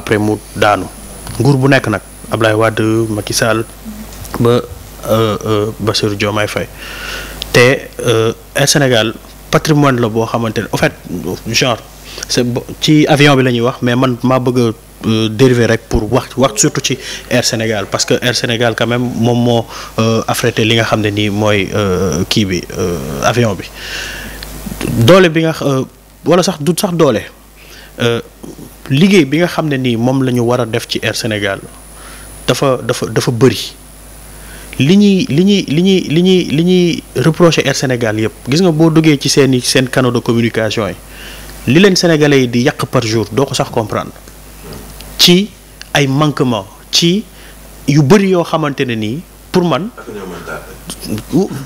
après mu daanu nguur bu nekk nag Ablaye Wade Macky Sall ba euh, euh, Bassirou Diomaye Faye te Air euh, Sénégal patrimoine la boo xamante ne en fait genre ci avion bi lañuy wax mais man maa bëgg dérivé rek pour wax wax surtout ci Air Sénégal parce que Air Sénégal quand moom moo affrété li nga xam ne nii mooy kii bi avion bi doole bi nga wala sax du sax doole liggéey bi nga xam ne nii moom lañu ñu war a def ci Air Sénégal dafa dafa dafa bëri li ñuy li ñuy li ñuy li ñuy li ñuy reproché Air Sénégal yëpp gis nga boo duggee ci seen seen canaux de communication yi li leen sénégalais yi di yàq par jour doo ko sax comprendre ci ay manquement ci yu bëri yoo xamante ne nii pour man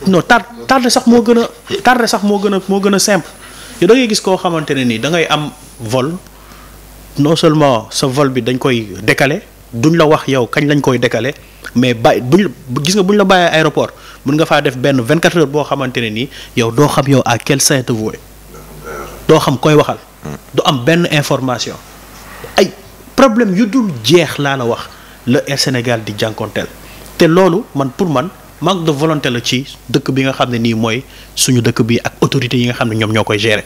non tar tarde sax moo gën a tarde sax moo gën a moo gën a simple yow da gis koo xamante ne nii dangay am vol non seulement sa vol bi dañ koy décaler duñ la wax yow kañ lañ koy décaler mais bàyyi buñ gis nga buñ la bàyyee aéroport mun nga faa def benn vingt 24 heures boo xamante ne nii yow doo xam yow ak quel saint te doo xam koy waxal. du am benn information. ay problème yu dul jeex laa la wax la Air Sénégal di jànkonteel te loolu man pour man manque de volonté la ci dëkk bi nga xam ne nii mooy suñu dëkk bi ak autorités yi nga xam ne ñoom ñoo koy gérer.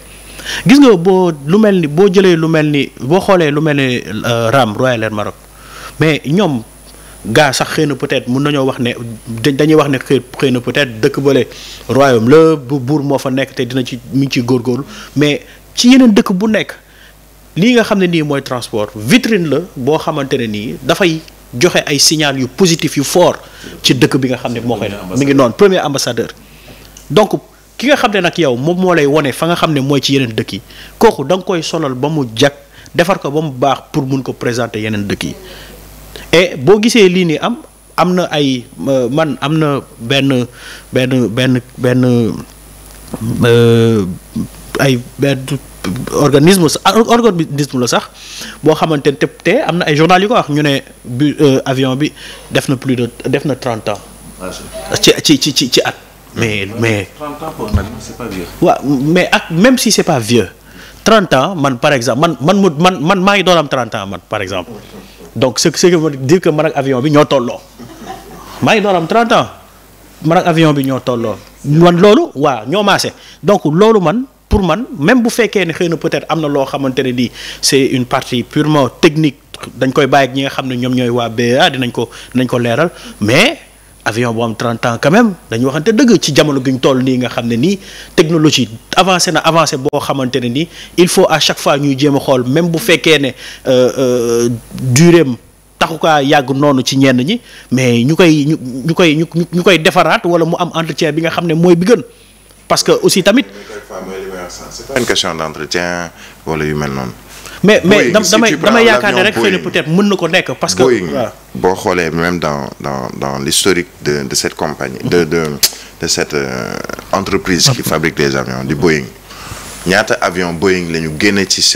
gis nga boo lu mel ni boo jëlee lu mel ni boo xoolee lu mel ni euh, RAM Royal Air mais ñoom gaa sax xëy na peut-être mun nañoo wax ne dañuy wax ne xëy na peut-être dëkk bële royaume la bu buur moo fa nekk te dina ci mi ci ciy góorgóorlu mais ci yeneen dëkk bu nekk lii nga xam ne nii mooy transport vitrine la boo xamante ne nii dafay joxe ay signal yu positif yu fort ci dëkk bi nga xam ne moo koy mi ngi noonu premier ambassadeur donc ki nga xam ne nag yow moom moo lay wone fa nga xam ne mooy ci yeneen dëkk yi kooku danga koy solal ba mu jag defar ko ba mu baax pour mun ko présenter yeneen dëkk yi et boo gisee lii nii am am na ay euh, man am na benn benn benn benn euh, ay benn organisme organisme la sax boo xamante ne te am na ay journal yu ko wax ñu ne bu euh, avion bi def na plus de def na trente ah, ci ci ci at. mais mais. 30 ans mais ak même si c'est pas vieux 30 man par exemple man man mu man man maa ngi doon am 30 ans man par exemple donc ce ce qui veut que man ak avion bi ñoo tolloo maa ngi doon am 30 ans man ak avion bi ñoo tolloo man loolu waa ñoo maase donc loolu man. pour man même bu fekkee ne xëy na peut-être am na loo xamante ne nii c'est une partie purement technique dañ koy bàyyi ñi nga xam ne ñoom ñooy waa BA dinañ ko dinañ ko leeral mais avion bu am 30 ans quand même dañu waxante dëgg ci jamono gi ñu toll nii nga xam ne nii technologie avancé na avancé boo xamante ne nii il faut à chaque fois ñuy jéema xool même bu fekkee ne euh, euh, taxu taxukaa yàgg noonu ci ñenn ñi mais ñu koy ñu ñu koy ñu ñu koy defaraat wala mu am entretien bi nga xam ne mooy bi gën parce que aussi tamit. c'est pas une wala yu mel noonu. mais mais damay damay yaakaar ne rek xëy na peut-être mën na ko nekk parce que. boo xoolee même dans dans dans l'historique de de cette compagnie. de de de cette euh, entreprise. qui fabrique des avions di Boeing. ñaata avion Boeing lañu ñu génne ci